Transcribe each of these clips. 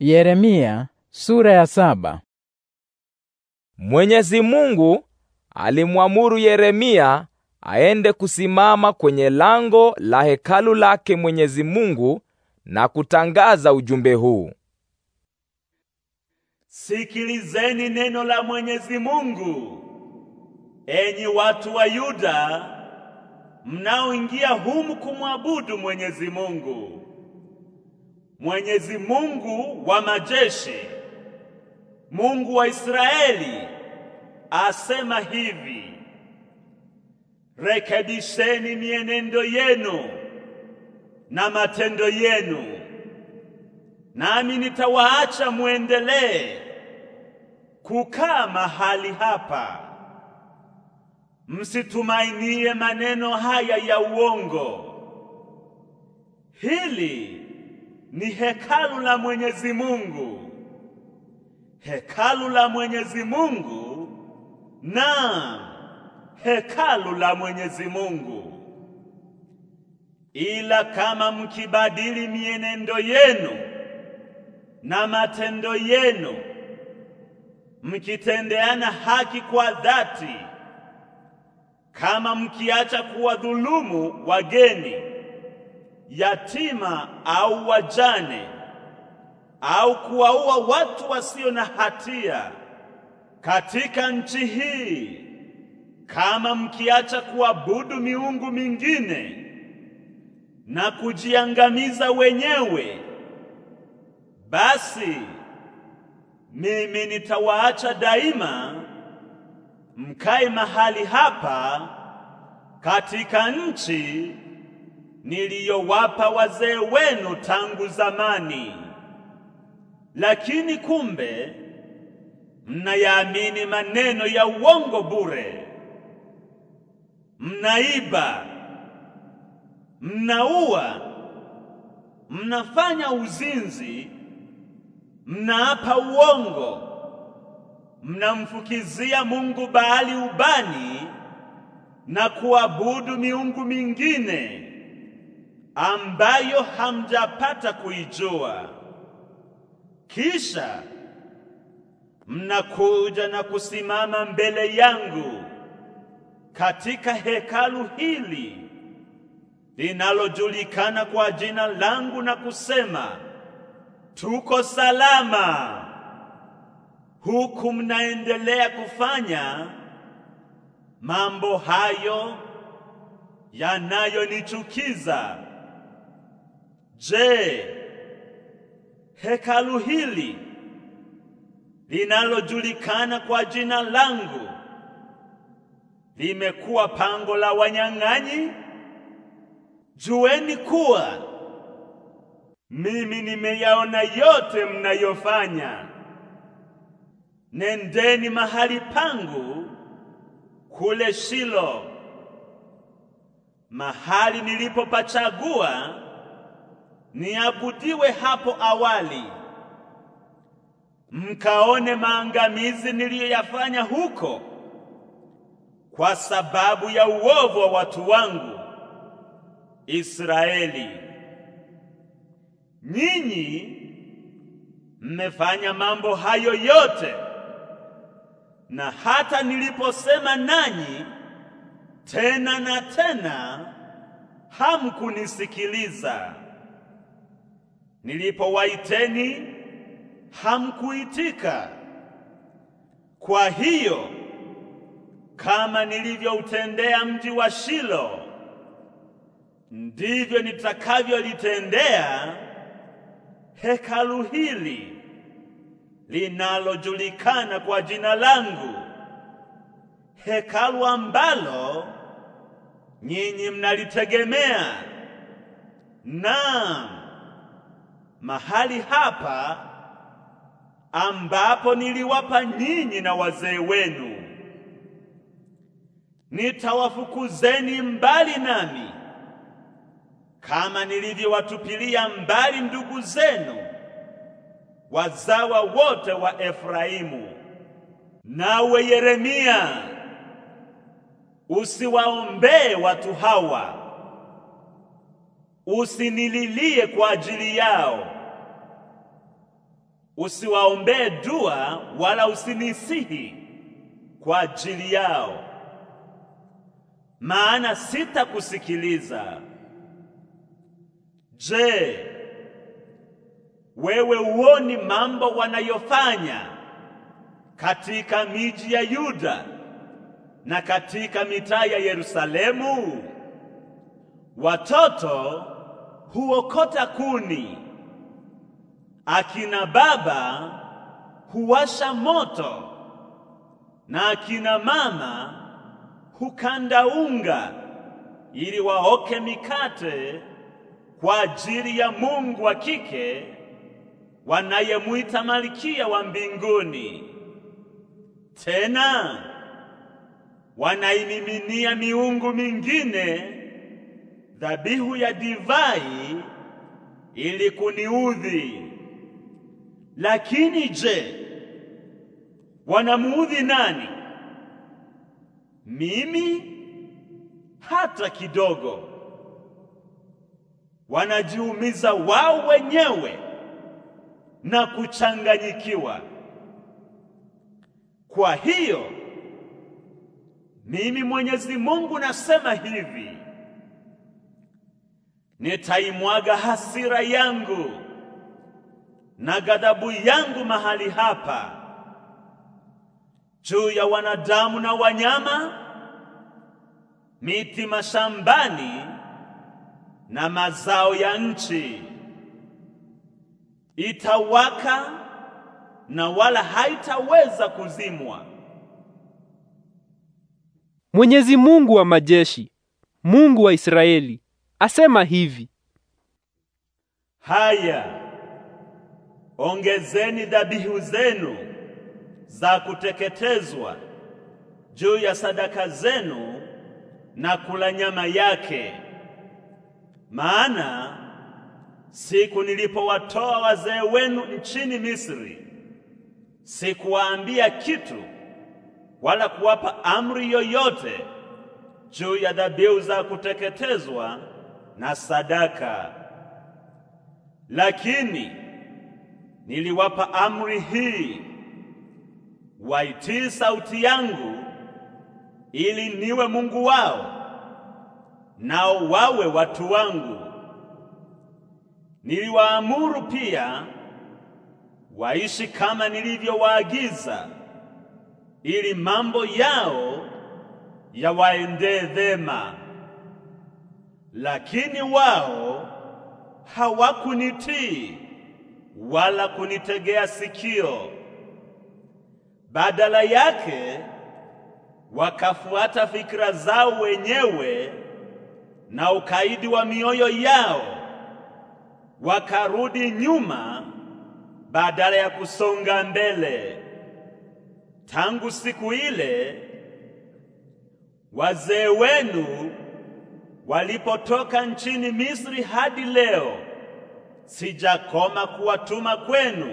Yeremia sura ya saba. Mwenyezi Mungu alimwamuru Yeremia aende kusimama kwenye lango la hekalu lake Mwenyezi Mungu na kutangaza ujumbe huu. Sikilizeni neno la Mwenyezi Mungu, enyi watu wa Yuda mnaoingia humu kumwabudu Mwenyezi Mungu. Mwenyezi Mungu wa majeshi, Mungu wa Israeli asema hivi: rekebisheni mienendo yenu na matendo yenu, nami nitawaacha muendelee kukaa mahali hapa. Msitumainie maneno haya ya uongo. Hili ni hekalu la Mwenyezi Mungu. Hekalu la Mwenyezi Mungu, na hekalu la Mwenyezi Mungu. Ila kama mkibadili mienendo yenu na matendo yenu, mkitendeana haki kwa dhati, kama mkiacha kuwadhulumu wageni yatima au wajane au kuwaua watu wasio na hatia katika nchi hii, kama mkiacha kuabudu miungu mingine na kujiangamiza wenyewe, basi mimi nitawaacha daima mkae mahali hapa katika nchi niliyowapa wazee wenu tangu zamani, lakini kumbe mnayaamini maneno ya uongo bure. Mnaiba, mnaua, mnafanya uzinzi, mnaapa uongo, mnamfukizia Mungu Baali ubani na kuabudu miungu mingine ambayo hamjapata kuijua, kisha mnakuja na kusimama mbele yangu katika hekalu hili linalojulikana kwa jina langu na kusema, tuko salama, huku mnaendelea kufanya mambo hayo yanayonichukiza Je, hekalu hili linalojulikana kwa jina langu limekuwa pango la wanyang'anyi? Jueni kuwa mimi nimeyaona yote mnayofanya. Nendeni mahali pangu kule Shilo, mahali nilipopachagua niabudiwe hapo awali, mkaone maangamizi niliyoyafanya huko kwa sababu ya uovu wa watu wangu Israeli. Nyinyi mmefanya mambo hayo yote, na hata niliposema nanyi tena na tena hamkunisikiliza. Nilipowaiteni hamkuitika. Kwa hiyo kama nilivyoutendea mji wa Shilo, ndivyo nitakavyolitendea hekalu hili linalojulikana kwa jina langu, hekalu ambalo nyinyi mnalitegemea. Naam, mahali hapa ambapo niliwapa nyinyi na wazee wenu, nitawafukuzeni mbali nami kama nilivyowatupilia mbali ndugu zenu wazawa wote wa Efraimu. Nawe Yeremia, usiwaombee watu hawa usinililie kwa ajili yao, usiwaombee dua wala usinisihi kwa ajili yao, maana sitakusikiliza. Je, wewe uoni mambo wanayofanya katika miji ya Yuda na katika mitaa ya Yerusalemu? Watoto huokota kuni, akina baba huwasha moto, na akina mama hukanda unga ili waoke mikate kwa ajili ya Mungu wa kike wanayemwita malikia wa mbinguni. Tena wanaimiminia miungu mingine dhabihu ya divai ili kuniudhi. Lakini je, wanamuudhi nani? Mimi? Hata kidogo. Wanajiumiza wao wenyewe na kuchanganyikiwa. Kwa hiyo mimi Mwenyezi Mungu nasema hivi: nitaimwaga hasira yangu na ghadhabu yangu mahali hapa juu ya wanadamu na wanyama, miti mashambani na mazao ya nchi. Itawaka na wala haitaweza kuzimwa. Mwenyezi Mungu wa majeshi, Mungu wa Israeli asema hivi: Haya, ongezeni dhabihu zenu za kuteketezwa juu ya sadaka zenu na kula nyama yake, maana siku nilipowatoa wazee wenu nchini Misri sikuwaambia kitu wala kuwapa amri yoyote juu ya dhabihu za kuteketezwa na sadaka. Lakini niliwapa amri hii, waitii sauti yangu, ili niwe Mungu wao, nao wawe watu wangu. Niliwaamuru pia waishi kama nilivyowaagiza, ili mambo yao yawaendee vema lakini wao hawakunitii wala kunitegea sikio. Badala yake wakafuata fikra zao wenyewe na ukaidi wa mioyo yao, wakarudi nyuma badala ya kusonga mbele. Tangu siku ile wazee wenu walipotoka nchini Misri hadi leo, sijakoma kuwatuma kwenu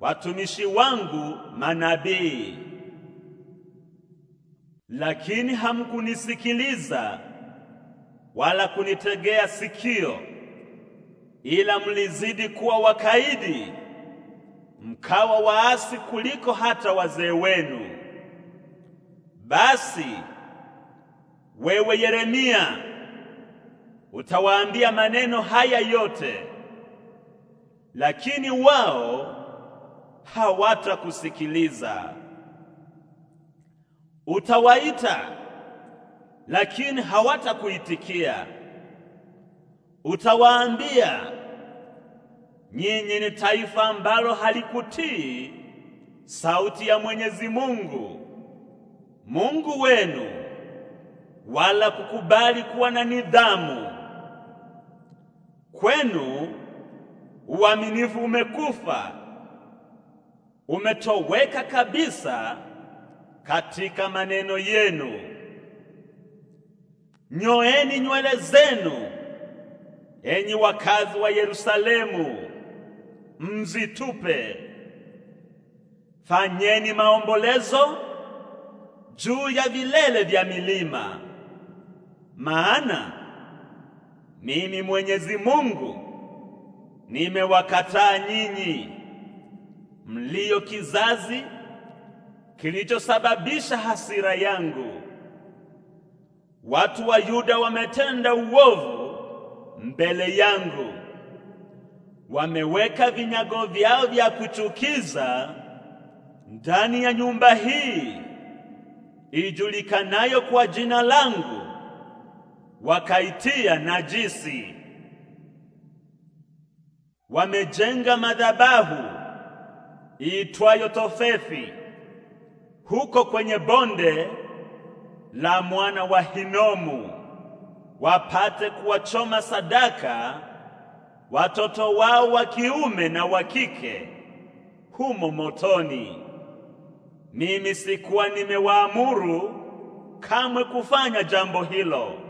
watumishi wangu manabii, lakini hamkunisikiliza wala kunitegea sikio, ila mlizidi kuwa wakaidi, mkawa waasi kuliko hata wazee wenu. Basi wewe Yeremia utawaambia maneno haya yote, lakini wao hawatakusikiliza. Utawaita lakini hawatakuitikia. Utawaambia, nyinyi ni taifa ambalo halikutii sauti ya Mwenyezi Mungu Mungu wenu wala kukubali kuwa na nidhamu kwenu. Uaminifu umekufa, umetoweka kabisa katika maneno yenu. Nyoeni nywele zenu, enyi wakazi wa Yerusalemu, mzitupe. Fanyeni maombolezo juu ya vilele vya milima maana mimi Mwenyezi Mungu nimewakataa nyinyi mlio kizazi kilichosababisha hasira yangu. Watu wa Yuda wametenda uovu mbele yangu, wameweka vinyago vyao vya kuchukiza ndani ya nyumba hii ijulikanayo kwa jina langu wakaitia najisi. Wamejenga madhabahu iitwayo Tofethi huko kwenye bonde la mwana wa Hinomu, wapate kuwachoma sadaka watoto wao wa kiume na wa kike humo motoni. Mimi sikuwa nimewaamuru kamwe kufanya jambo hilo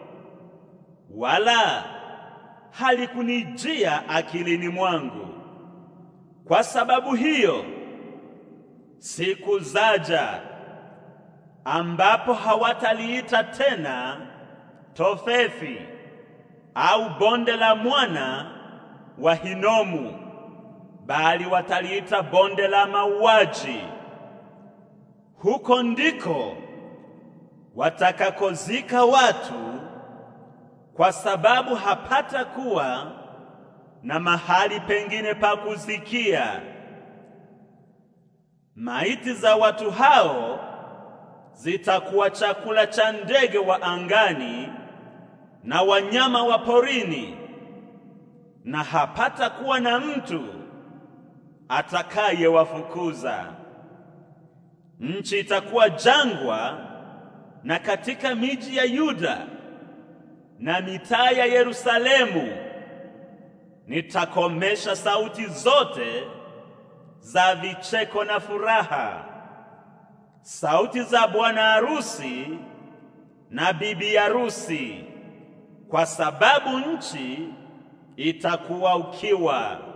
wala halikunijia akilini mwangu. Kwa sababu hiyo siku zaja ambapo hawataliita tena Tofethi au bonde la mwana wa Hinomu, bali wataliita bonde la mauaji. Huko ndiko watakakozika watu kwa sababu hapatakuwa na mahali pengine pa kuzikia maiti za watu hao zitakuwa chakula cha ndege wa angani na wanyama wa porini, na hapatakuwa na mtu atakayewafukuza. Nchi itakuwa jangwa, na katika miji ya Yuda na mitaa ya Yerusalemu nitakomesha sauti zote za vicheko na furaha, sauti za bwana harusi na bibi harusi, kwa sababu nchi itakuwa ukiwa